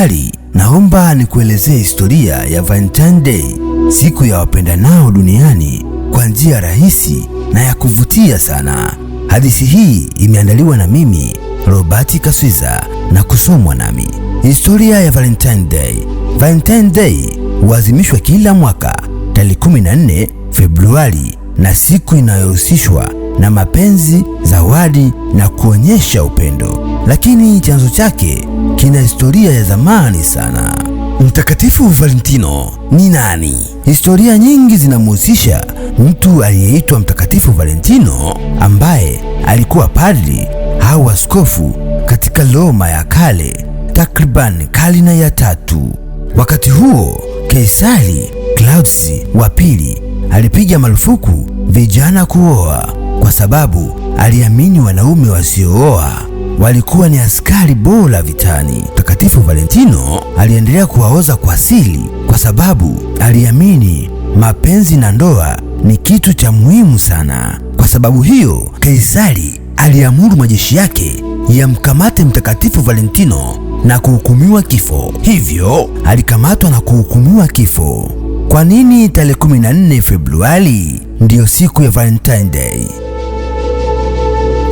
habari, naomba nikuelezee historia ya Valentine Day, siku ya wapendanao duniani kwa njia rahisi na ya kuvutia sana. Hadithi hii imeandaliwa na mimi Robert Kaswiza na kusomwa nami. Historia ya Valentine Day. Valentine Day huadhimishwa kila mwaka tarehe 14 Februari na siku inayohusishwa na mapenzi, zawadi na kuonyesha upendo, lakini chanzo chake kina historia ya zamani sana. Mtakatifu Valentino ni nani? Historia nyingi zinamhusisha mtu aliyeitwa Mtakatifu Valentino ambaye alikuwa padri au askofu katika Roma ya kale takriban karne ya tatu. Wakati huo Kaisari Claudius wa pili alipiga marufuku vijana kuoa kwa sababu aliamini wanaume wasiooa walikuwa ni askari bora vitani. Mtakatifu Valentino aliendelea kuwaoza kwa siri kwa sababu aliamini mapenzi na ndoa ni kitu cha muhimu sana. Kwa sababu hiyo, Kaisari aliamuru majeshi yake yamkamate Mtakatifu Valentino na kuhukumiwa kifo. Hivyo alikamatwa na kuhukumiwa kifo. Kwa nini tarehe 14 Februari ndiyo siku ya Valentine Day?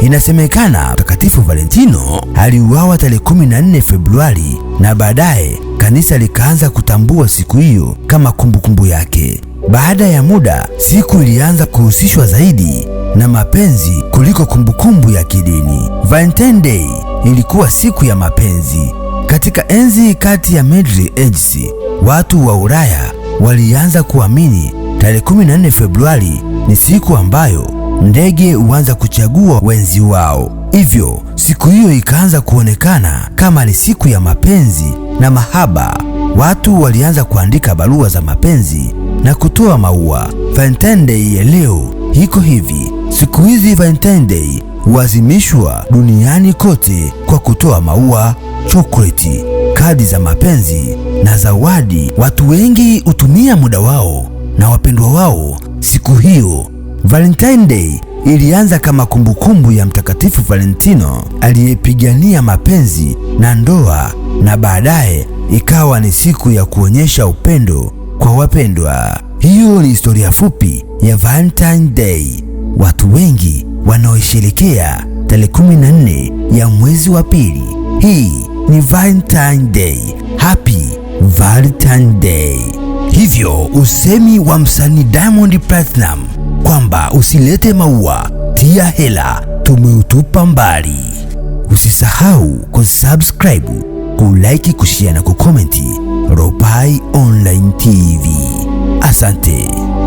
Inasemekana Mtakatifu Valentino aliuawa tarehe 14 Februari na baadaye kanisa likaanza kutambua siku hiyo kama kumbukumbu yake. Baada ya muda, siku ilianza kuhusishwa zaidi na mapenzi kuliko kumbukumbu ya kidini. Valentine Day ilikuwa siku ya mapenzi. Katika enzi kati ya Middle Ages, watu wa Ulaya walianza kuamini tarehe 14 Februari ni siku ambayo ndege huanza kuchagua wenzi wao. Hivyo siku hiyo ikaanza kuonekana kama ni siku ya mapenzi na mahaba. Watu walianza kuandika barua za mapenzi na kutoa maua. Valentine Day ya leo iko hivi. Siku hizi Valentine Day huazimishwa duniani kote kwa kutoa maua, chokoleti, kadi za mapenzi na zawadi. Watu wengi hutumia muda wao na wapendwa wao siku hiyo Valentine Day ilianza kama kumbukumbu ya Mtakatifu Valentino aliyepigania mapenzi na ndoa na baadaye ikawa ni siku ya kuonyesha upendo kwa wapendwa. Hiyo ni historia fupi ya Valentine Day, watu wengi wanaoisherekea tarehe 14 ya mwezi wa pili. Hii ni Valentine Day. Happy Valentine Day. Hivyo usemi wa msanii Diamond Platinum kwamba usilete maua, tia hela, tumeutupa mbali. Usisahau kusubscribe, kulike, kushare na kukomenti. Ropai Online TV. Asante.